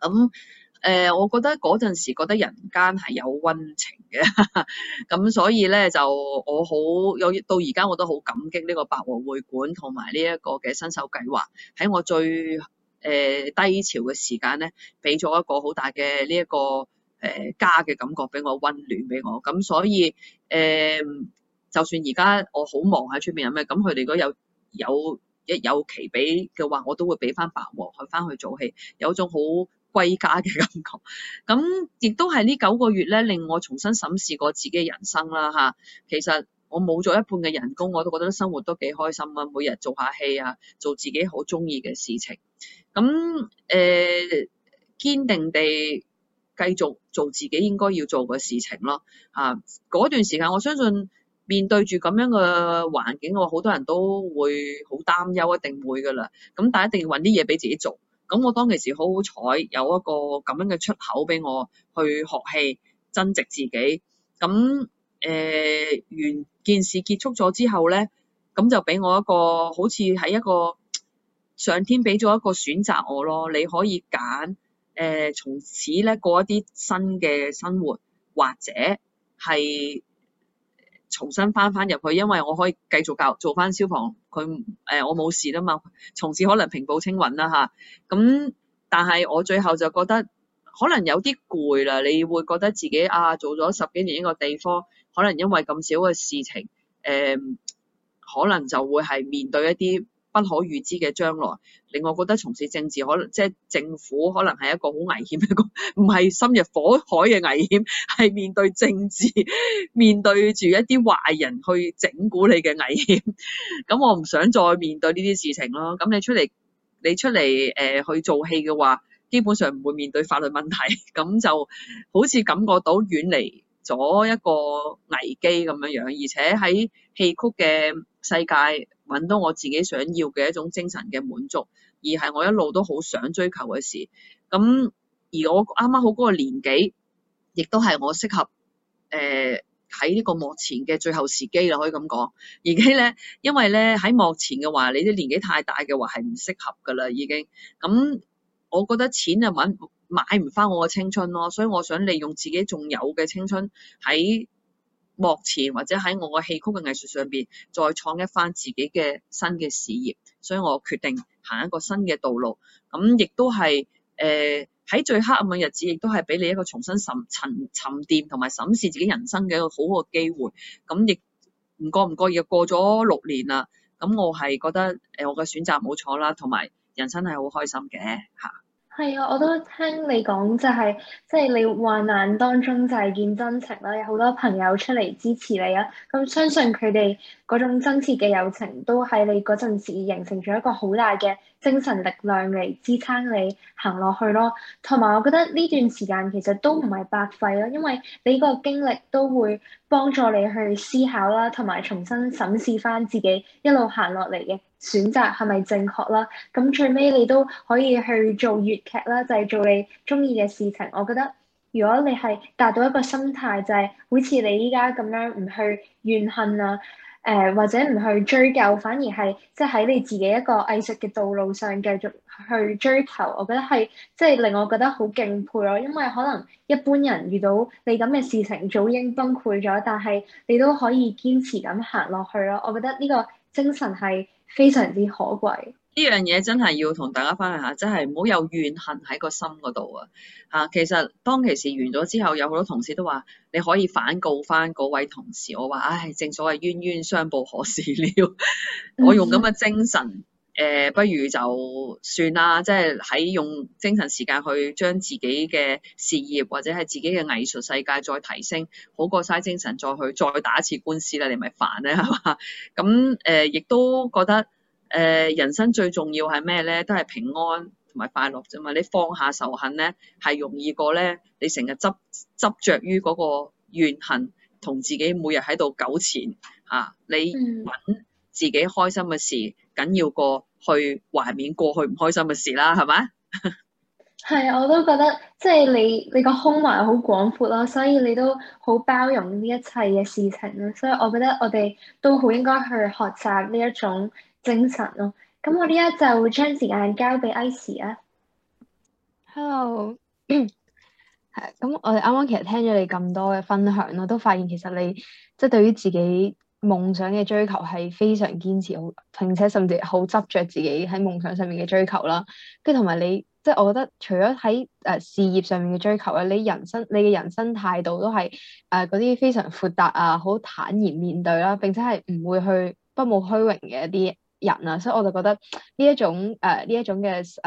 咁、嗯誒，我覺得嗰陣時覺得人間係有溫情嘅，咁所以咧就我好有到而家我都好感激呢個百和會館同埋呢一個嘅新手計劃，喺我最誒低潮嘅時間咧，俾咗一個好大嘅呢一個誒家嘅感覺俾我溫暖俾我，咁所以誒、呃，就算而家我好忙喺出邊有咩，咁佢哋如果有有有，有期俾嘅話，我都會俾翻百和去翻去做戲，有一種好。貴價嘅感覺，咁亦都係呢九個月咧令我重新審視過自己嘅人生啦吓。其實我冇咗一半嘅人工，我都覺得生活都幾開心啊！每日做下戲啊，做自己好中意嘅事情，咁誒堅定地繼續做自己應該要做嘅事情咯。啊，嗰段時間我相信面對住咁樣嘅環境，我好多人都會好擔憂，一定會噶啦。咁但係一定要搵啲嘢俾自己做。咁我當其時好好彩，有一個咁樣嘅出口俾我去學戲，增值自己。咁誒、呃、完件事結束咗之後呢，咁就俾我一個好似係一個上天俾咗一個選擇我咯，你可以揀誒、呃、從此咧過一啲新嘅生活，或者係，重新翻翻入去，因為我可以繼續教做翻消防，佢誒、呃、我冇事啦嘛，從此可能平步青雲啦嚇。咁、啊、但係我最後就覺得可能有啲攰啦，你會覺得自己啊做咗十幾年一個地方，可能因為咁少嘅事情，誒、呃、可能就會係面對一啲。不可預知嘅將來，令我覺得從事政治可能即係政府可能係一個好危險嘅一個，唔係深入火海嘅危險，係面對政治、面對住一啲壞人去整蠱你嘅危險。咁我唔想再面對呢啲事情咯。咁你出嚟，你出嚟誒、呃、去做戲嘅話，基本上唔會面對法律問題，咁就好似感覺到遠離咗一個危機咁樣樣，而且喺戲曲嘅。世界揾到我自己想要嘅一種精神嘅滿足，而係我一路都好想追求嘅事。咁而我啱啱好嗰個年紀，亦都係我適合誒喺呢個幕前嘅最後時機啦，可以咁講。而家咧，因為咧喺幕前嘅話，你啲年紀太大嘅話係唔適合噶啦，已經。咁我覺得錢就揾買唔翻我嘅青春咯，所以我想利用自己仲有嘅青春喺目前或者喺我嘅戲曲嘅藝術上邊，再創一番自己嘅新嘅事業，所以我決定行一個新嘅道路。咁亦都係誒喺最黑暗嘅日子，亦都係俾你一個重新沉沉沉澱同埋審視自己人生嘅一個好嘅好機會。咁亦唔過唔過意過咗六年啦，咁我係覺得誒我嘅選擇冇錯啦，同埋人生係好開心嘅吓。係啊，我都聽你講、就是，就係即係你患難當中就係見真情啦，有好多朋友出嚟支持你啊。咁相信佢哋嗰種真切嘅友情，都喺你嗰陣時形成咗一個好大嘅精神力量嚟支撐你行落去咯。同埋，我覺得呢段時間其實都唔係白費咯，因為你個經歷都會幫助你去思考啦，同埋重新審視翻自己一路行落嚟嘅。選擇係咪正確啦？咁最尾你都可以去做粵劇啦，就係做你中意嘅事情。我覺得如果你係達到一個心態，就係好似你依家咁樣，唔去怨恨啊，誒或者唔去追究，反而係即係喺你自己一個藝術嘅道路上繼續去追求。我覺得係即係令我覺得好敬佩咯，因為可能一般人遇到你咁嘅事情，早應崩潰咗，但係你都可以堅持咁行落去咯。我覺得呢個精神係～非常之可貴，呢 樣嘢真係要同大家分享下，真係唔好有怨恨喺個心嗰度啊！嚇、啊，其實當其時完咗之後，有好多同事都話你可以反告翻嗰位同事，我話唉、哎，正所謂冤冤相報何時了， 我用咁嘅精神。誒、呃，不如就算啦，即係喺用精神時間去將自己嘅事業或者係自己嘅藝術世界再提升，好過嘥精神再去再打一次官司啦，你咪煩咧，係嘛？咁誒，亦、呃、都覺得誒、呃、人生最重要係咩咧？都係平安同埋快樂啫嘛。你放下仇恨咧，係容易過咧，你成日執執著於嗰個怨恨同自己每日喺度糾纏嚇、啊，你揾。嗯自己開心嘅事緊要過去懷緬過去唔開心嘅事啦，係咪？係 啊，我都覺得即係你你個胸懷好廣闊咯，所以你都好包容呢一切嘅事情咯，所以我覺得我哋都好應該去學習呢一種精神咯。咁我呢一就將時間交俾 Icy 啊。Hello，係。咁 我哋啱啱其實聽咗你咁多嘅分享咯，我都發現其實你即係對於自己。夢想嘅追求係非常堅持好，並且甚至好執着自己喺夢想上面嘅追求啦。跟住同埋你，即係我覺得除咗喺誒事業上面嘅追求啊，你人生你嘅人生態度都係誒嗰啲非常豁達啊，好坦然面對啦，並且係唔會去不慕虛榮嘅一啲人啊。所以我就覺得呢一種誒呢一種嘅誒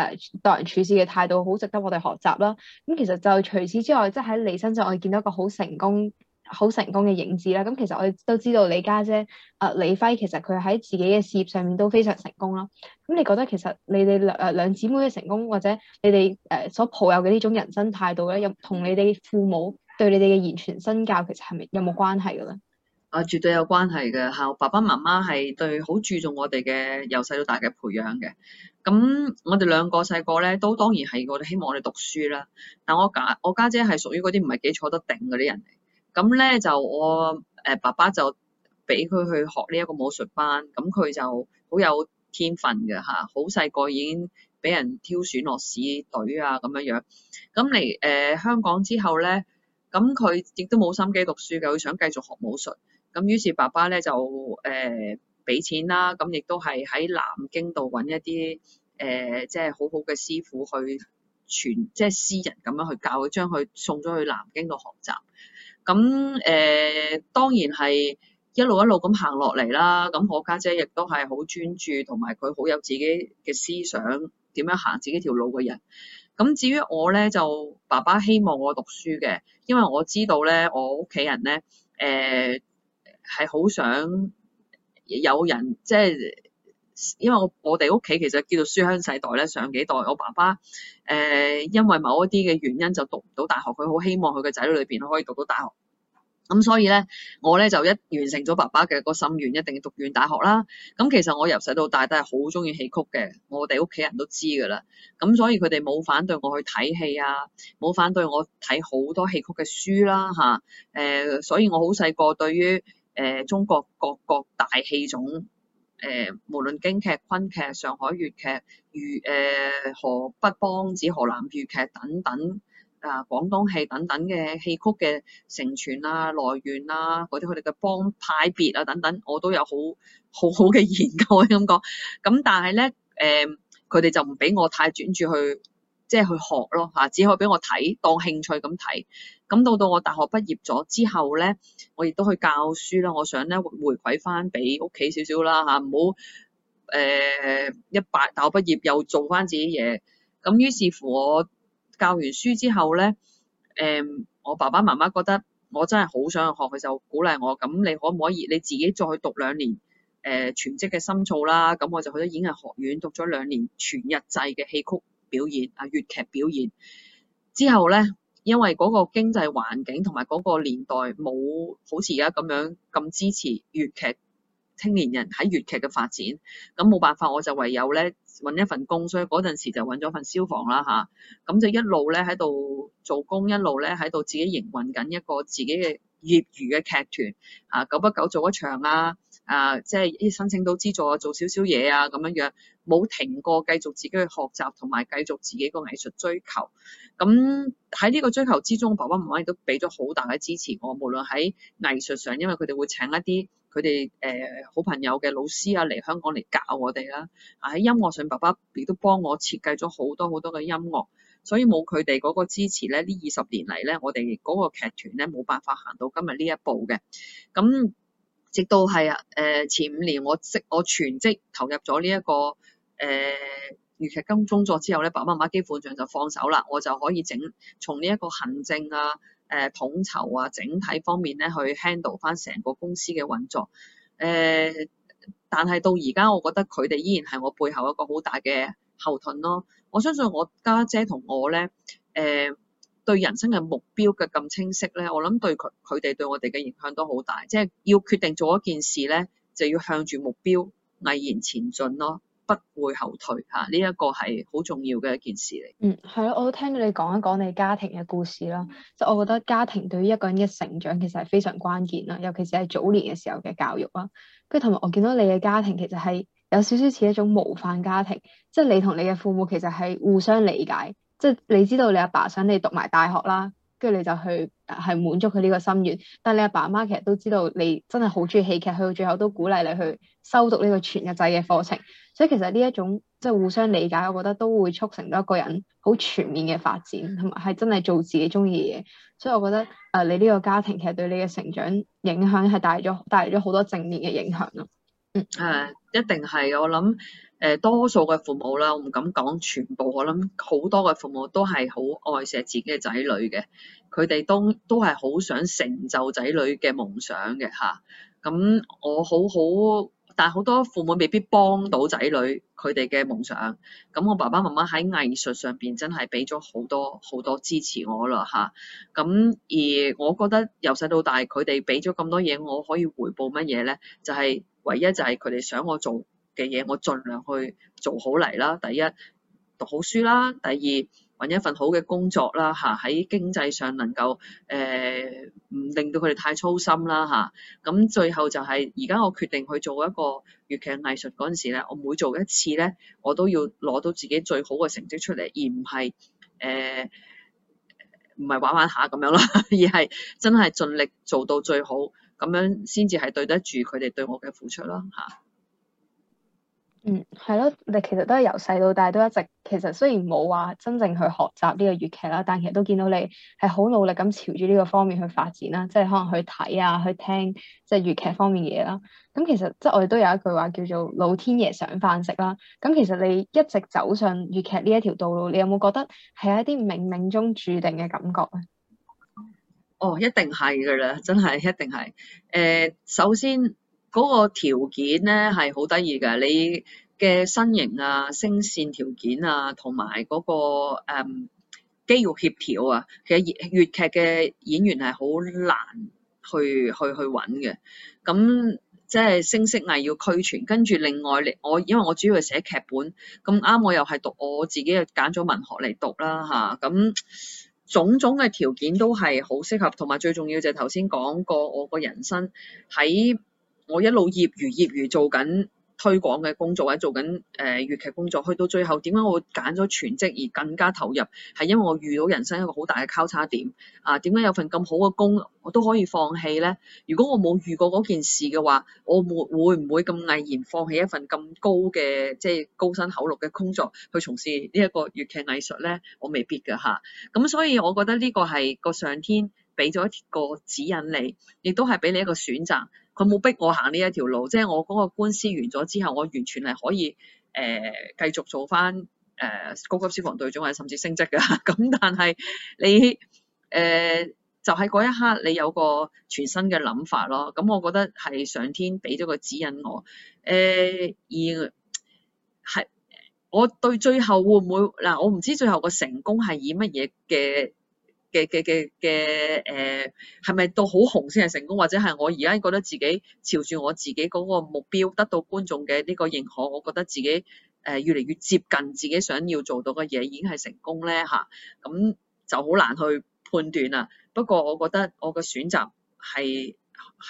待人處事嘅態度好值得我哋學習啦。咁其實就除此之外，即係喺你身上，我哋見到一個好成功。好成功嘅影子啦。咁其實我哋都知道你家姐啊，李輝其實佢喺自己嘅事業上面都非常成功啦。咁你覺得其實你哋兩兩姊妹嘅成功，或者你哋誒所抱有嘅呢種人生態度咧，有同你哋父母對你哋嘅言傳身教，其實係咪有冇關係嘅咧？啊，絕對有關係嘅嚇。我爸爸媽媽係對好注重我哋嘅由細到大嘅培養嘅。咁我哋兩個細個咧，都當然係我哋希望我哋讀書啦。但我家我家姐係屬於嗰啲唔係幾坐得定嗰啲人嚟。咁咧就我誒爸爸就俾佢去學呢一個武術班，咁佢就好有天分嘅嚇，好細個已經俾人挑選落市隊啊咁樣樣。咁嚟誒香港之後咧，咁佢亦都冇心機讀書㗎，佢想繼續學武術。咁於是爸爸咧就誒俾錢啦，咁亦都係喺南京度揾一啲誒即係好好嘅師傅去傳，即係私人咁樣去教佢，將佢送咗去南京度學習。咁誒、呃、當然係一路一路咁行落嚟啦。咁我家姐亦都係好專注，同埋佢好有自己嘅思想，點樣行自己條路嘅人。咁至於我咧，就爸爸希望我讀書嘅，因為我知道咧，我屋企人咧誒係好想有人即係，就是因為我我哋屋企其實叫做書香世代咧，上幾代我爸爸誒、呃、因為某一啲嘅原因就讀唔到大學，佢好希望佢嘅仔女裏邊可以讀到大學。咁所以咧，我咧就一完成咗爸爸嘅個心願，一定要讀完大學啦。咁其實我由細到大都係好中意戲曲嘅，我哋屋企人都知㗎啦。咁所以佢哋冇反對我去睇戲啊，冇反對我睇好多戲曲嘅書啦、啊、嚇。誒、啊，所以我好細個對於誒、呃、中國各個大戲種。誒、呃，無論京劇、崑劇、上海粵劇、豫誒河北梆子、呃、河南豫劇等等，啊，廣東戲等等嘅戲曲嘅承傳啊、來源啊嗰啲，佢哋嘅幫派別啊等等，我都有好好好嘅研究咁 講。咁但係咧，誒、呃，佢哋就唔俾我太專注去。即係去學咯嚇，只可以俾我睇，當興趣咁睇。咁到到我大學畢業咗之後咧，我亦都去教書啦。我想咧回饋翻俾屋企少少啦嚇，唔好誒一百大學畢業又做翻自己嘢。咁於是乎我教完書之後咧，誒、呃、我爸爸媽媽覺得我真係好想去學，佢就鼓勵我。咁你可唔可以你自己再去讀兩年誒、呃、全職嘅深造啦？咁我就去咗演藝學院讀咗兩年全日制嘅戲曲。表演啊，粵劇表演之後呢，因為嗰個經濟環境同埋嗰個年代冇好似而家咁樣咁支持粵劇青年人喺粵劇嘅發展，咁冇辦法，我就唯有呢揾一份工，所以嗰陣時就揾咗份消防啦吓，咁就一路呢喺度做工，一路呢喺度自己營運緊一個自己嘅業餘嘅劇團啊，久不久做一場啊，啊即係申請到資助啊，做少少嘢啊咁樣樣。冇停過，繼續自己去學習同埋繼續自己個藝術追求。咁喺呢個追求之中，爸爸媽媽亦都俾咗好大嘅支持我。無論喺藝術上，因為佢哋會請一啲佢哋誒好朋友嘅老師啊嚟香港嚟教我哋啦。喺音樂上，爸爸亦都幫我設計咗好多好多嘅音樂。所以冇佢哋嗰個支持咧，呢二十年嚟咧，我哋嗰個劇團咧冇辦法行到今日呢一步嘅。咁直到係誒前五年，我即我全職投入咗呢一個。誒，餘、呃、其金工作之後咧，爸爸媽媽基本上就放手啦。我就可以整從呢一個行政啊、誒、呃、統籌啊、整體方面咧去 handle 返成個公司嘅運作。誒、呃，但係到而家，我覺得佢哋依然係我背後一個好大嘅後盾咯。我相信我家姐同我咧，誒、呃、對人生嘅目標嘅咁清晰咧，我諗對佢佢哋對我哋嘅影響都好大。即、就、係、是、要決定做一件事咧，就要向住目標毅然前進咯。不會後退吓，呢一個係好重要嘅一件事嚟。嗯，係咯，我都聽咗你講一講你家庭嘅故事啦。即係我覺得家庭對於一個人嘅成長，其實係非常關鍵啦，尤其是係早年嘅時候嘅教育啦。跟住同埋我見到你嘅家庭，其實係有少少似一種模範家庭，即係你同你嘅父母其實係互相理解，即係你知道你阿爸想你讀埋大學啦。跟住你就去係滿足佢呢個心願。但係你阿爸阿媽其實都知道你真係好中意戲劇，去到最後都鼓勵你去修讀呢個全日制嘅課程。所以其實呢一種即係、就是、互相理解，我覺得都會促成到一個人好全面嘅發展，同埋係真係做自己中意嘅嘢。所以我覺得誒、呃，你呢個家庭其實對你嘅成長影響係帶咗帶嚟咗好多正面嘅影響咯。嗯，係一定係我諗。誒多數嘅父母啦，我唔敢講全部，我諗好多嘅父母都係好愛錫自己嘅仔女嘅，佢哋都都係好想成就仔女嘅夢想嘅嚇，咁我好好，但係好多父母未必幫到仔女佢哋嘅夢想。咁我爸爸媽媽喺藝術上邊真係俾咗好多好多支持我啦嚇，咁而我覺得由細到大佢哋俾咗咁多嘢，我可以回報乜嘢咧？就係唯一就係佢哋想我做嘅嘢，我盡量去做好嚟啦。第一讀好書啦，第二揾一份好嘅工作啦。吓、啊，喺經濟上能夠誒唔令到佢哋太操心啦。吓、啊，咁、嗯、最後就係而家我決定去做一個粵劇藝術嗰陣時咧，我每做一次咧，我都要攞到自己最好嘅成績出嚟，而唔係誒唔係玩玩下咁樣啦，而係真係盡力做到最好，咁樣先至係對得住佢哋對我嘅付出啦。吓、啊。嗯，係咯，你其實都係由細到大都一直，其實雖然冇話真正去學習呢個粵劇啦，但其實都見到你係好努力咁朝住呢個方面去發展啦，即係可能去睇啊，去聽即係粵劇方面嘢啦。咁、嗯、其實即係我哋都有一句話叫做老天爺賞飯食啦。咁、嗯、其實你一直走上粵劇呢一條道路，你有冇覺得係一啲冥冥中注定嘅感覺咧？哦，一定係噶啦，真係一定係。誒、呃，首先。嗰個條件咧係好得意嘅，你嘅身形啊、聲線條件啊，同埋嗰個誒、嗯、肌肉協調啊，其實粵粵劇嘅演員係好難去去去揾嘅。咁即係聲色藝要俱全，跟住另外嚟我，因為我主要係寫劇本，咁啱我又係讀我，我自己又揀咗文學嚟讀啦吓，咁、啊、種種嘅條件都係好適合，同埋最重要就係頭先講過我個人生喺。我一路業餘業餘做緊推廣嘅工作，或者做緊誒粵劇工作，去到最後點解我會揀咗全職而更加投入？係因為我遇到人生一個好大嘅交叉點啊！點解有份咁好嘅工，我都可以放棄呢？如果我冇遇過嗰件事嘅話，我會唔會咁毅然放棄一份咁高嘅即係高薪厚祿嘅工作，去從事呢一個粵劇藝術呢？我未必噶吓。咁所以我覺得呢個係個上天俾咗一個指引你，亦都係俾你一個選擇。佢冇逼我行呢一條路，即、就、係、是、我嗰個官司完咗之後，我完全係可以誒、呃、繼續做翻誒、呃、高級消防隊長啊，甚至升職㗎。咁 但係你誒、呃、就喺、是、嗰一刻，你有個全新嘅諗法咯。咁、嗯、我覺得係上天俾咗個指引我誒、呃，而係我對最後會唔會嗱、呃，我唔知最後個成功係以乜嘢嘅？嘅嘅嘅嘅誒，係咪、呃、到好紅先係成功？或者係我而家覺得自己朝住我自己嗰個目標，得到觀眾嘅呢個認可，我覺得自己誒、呃、越嚟越接近自己想要做到嘅嘢，已經係成功咧吓，咁、啊、就好難去判斷啦。不過我覺得我嘅選擇係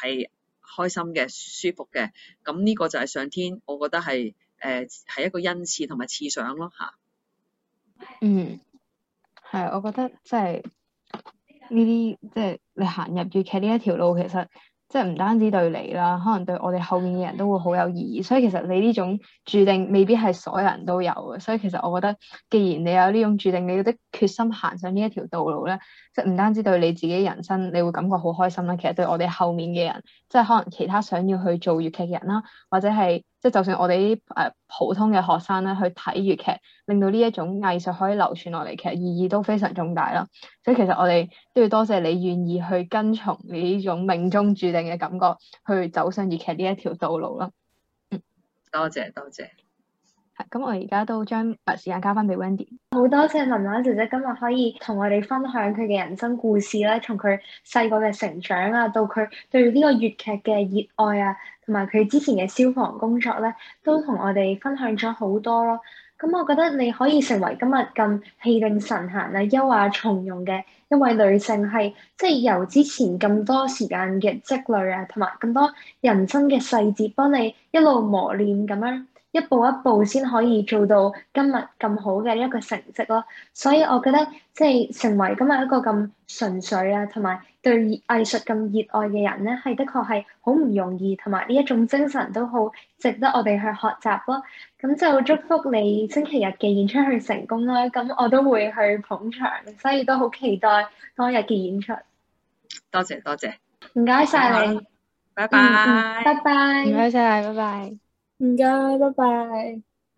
係開心嘅、舒服嘅。咁呢個就係上天，我覺得係誒係一個恩賜同埋賜賞咯吓。嗯，係，我覺得即係。呢啲即係你行入粵劇呢一條路，其實即係唔單止對你啦，可能對我哋後面嘅人都會好有意義。所以其實你呢種注定未必係所有人都有嘅。所以其實我覺得，既然你有呢種注定，你的決心行上呢一條道路咧，即係唔單止對你自己人生，你會感覺好開心啦。其實對我哋後面嘅人。即係可能其他想要去做粵劇嘅人啦，或者係即係就算我哋啲誒普通嘅學生咧，去睇粵劇，令到呢一種藝術可以流傳落嚟，其實意義都非常重大啦。所以其實我哋都要多謝你願意去跟從你呢種命中注定嘅感覺，去走上粵劇呢一條道路啦。嗯，多謝多謝。咁、嗯，我而家都將時間交翻俾 Wendy。好多謝文華姐姐今日可以同我哋分享佢嘅人生故事咧，從佢細個嘅成長啊，到佢對呢個粵劇嘅熱愛啊，同埋佢之前嘅消防工作咧，都同我哋分享咗好多咯。咁、嗯、我覺得你可以成為今日咁氣定神閒啊、優雅從容嘅一位女性，係即係由之前咁多時間嘅積累啊，同埋咁多人生嘅細節，幫你一路磨練咁樣。一步一步先可以做到今日咁好嘅一個成績咯，所以我覺得即係成為今日一個咁純粹啊，同埋對藝術咁熱愛嘅人咧，係的確係好唔容易，同埋呢一種精神都好值得我哋去學習咯。咁就祝福你星期日嘅演出去成功啦！咁我都會去捧場，所以都好期待當日嘅演出。多謝多謝，唔該晒你，拜拜，拜拜，嗯，唔該曬，拜拜。謝謝，拜拜唔該，拜拜。Bye.